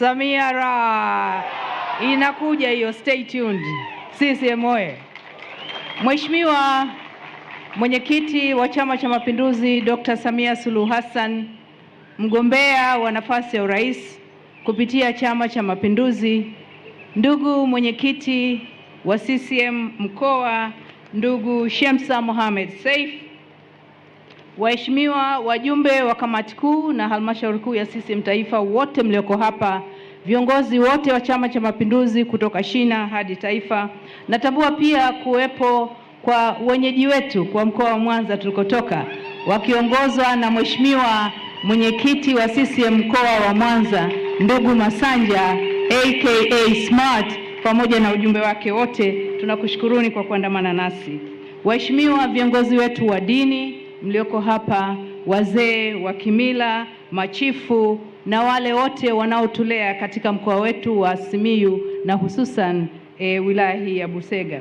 Samia ra inakuja hiyo, stay tuned. CCM oye! Mheshimiwa Mwenyekiti wa Chama cha Mapinduzi Dr. Samia Suluhu Hassan, mgombea wa nafasi ya urais kupitia Chama cha Mapinduzi, ndugu mwenyekiti wa CCM mkoa ndugu Shemsa Mohamed saif waheshimiwa wajumbe wa kamati kuu na halmashauri kuu ya CCM taifa, wote mlioko hapa, viongozi wote wa Chama cha Mapinduzi kutoka shina hadi taifa. Natambua pia kuwepo kwa wenyeji wetu kwa mkoa wa Mwanza tulikotoka wakiongozwa na Mheshimiwa mwenyekiti wa CCM mkoa wa Mwanza ndugu Masanja aka Smart pamoja na ujumbe wake wote, tunakushukuruni kwa kuandamana nasi. Waheshimiwa viongozi wetu wa dini mlioko hapa, wazee wa kimila, machifu na wale wote wanaotulea katika mkoa wetu wa Simiyu na hususan e, wilaya hii ya Busega.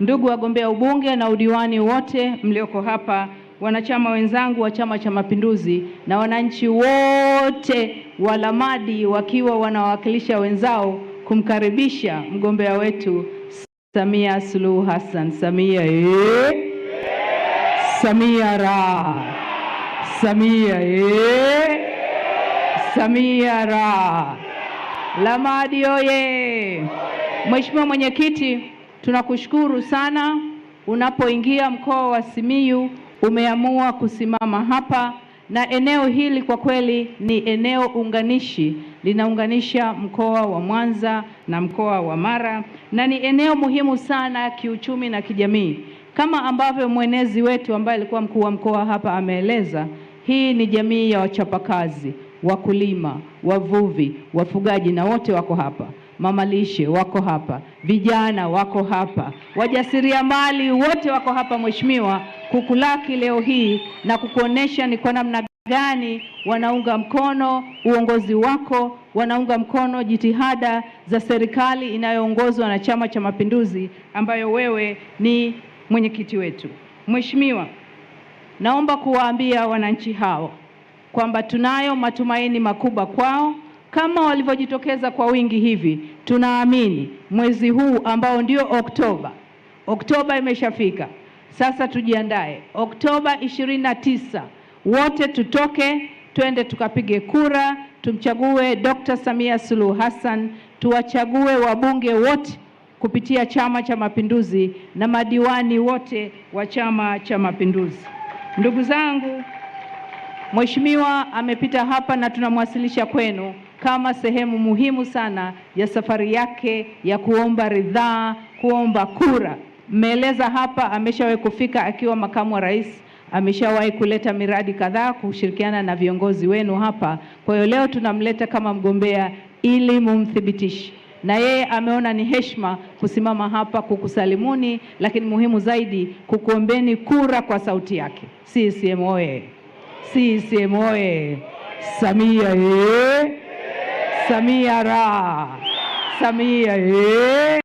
Ndugu wagombea ubunge na udiwani wote mlioko hapa, wanachama wenzangu wa Chama cha Mapinduzi na wananchi wote wa Lamadi wakiwa wanawakilisha wenzao kumkaribisha mgombea wetu Samia Suluhu Hassan. Samia ye. Eh? Samia ra Samia ye. Eh? Samia Raha. Lamadi oye! Mheshimiwa Mwenyekiti, tunakushukuru sana. Unapoingia mkoa wa Simiyu umeamua kusimama hapa na eneo hili kwa kweli ni eneo unganishi, linaunganisha mkoa wa Mwanza na mkoa wa Mara, na ni eneo muhimu sana kiuchumi na kijamii, kama ambavyo mwenezi wetu ambaye alikuwa mkuu wa mkoa hapa ameeleza. Hii ni jamii ya wachapakazi wakulima, wavuvi, wafugaji na wote wako hapa, mamalishe wako hapa, vijana wako hapa, wajasiriamali wote wako hapa, Mheshimiwa, kukulaki leo hii na kukuonesha ni kwa namna gani wanaunga mkono uongozi wako, wanaunga mkono jitihada za serikali inayoongozwa na Chama cha Mapinduzi, ambayo wewe ni mwenyekiti wetu. Mheshimiwa, naomba kuwaambia wananchi hao kwamba tunayo matumaini makubwa kwao kama walivyojitokeza kwa wingi hivi. Tunaamini mwezi huu ambao ndio Oktoba, Oktoba imeshafika sasa, tujiandae Oktoba ishirini na tisa, wote tutoke twende tukapige kura, tumchague Dr. Samia Suluhu Hassan, tuwachague wabunge wote kupitia Chama cha Mapinduzi na madiwani wote wa Chama cha Mapinduzi. Ndugu zangu Mheshimiwa amepita hapa na tunamwasilisha kwenu kama sehemu muhimu sana ya safari yake ya kuomba ridhaa, kuomba kura. Mmeeleza hapa, ameshawahi kufika akiwa makamu wa rais, ameshawahi kuleta miradi kadhaa kushirikiana na viongozi wenu hapa. Kwa hiyo leo tunamleta kama mgombea ili mumthibitishe na yeye ameona ni heshima kusimama hapa kukusalimuni, lakini muhimu zaidi kukuombeni kura kwa sauti yake. CCM oye! CCM oye! Samia ye! Samia ra! Samia ye!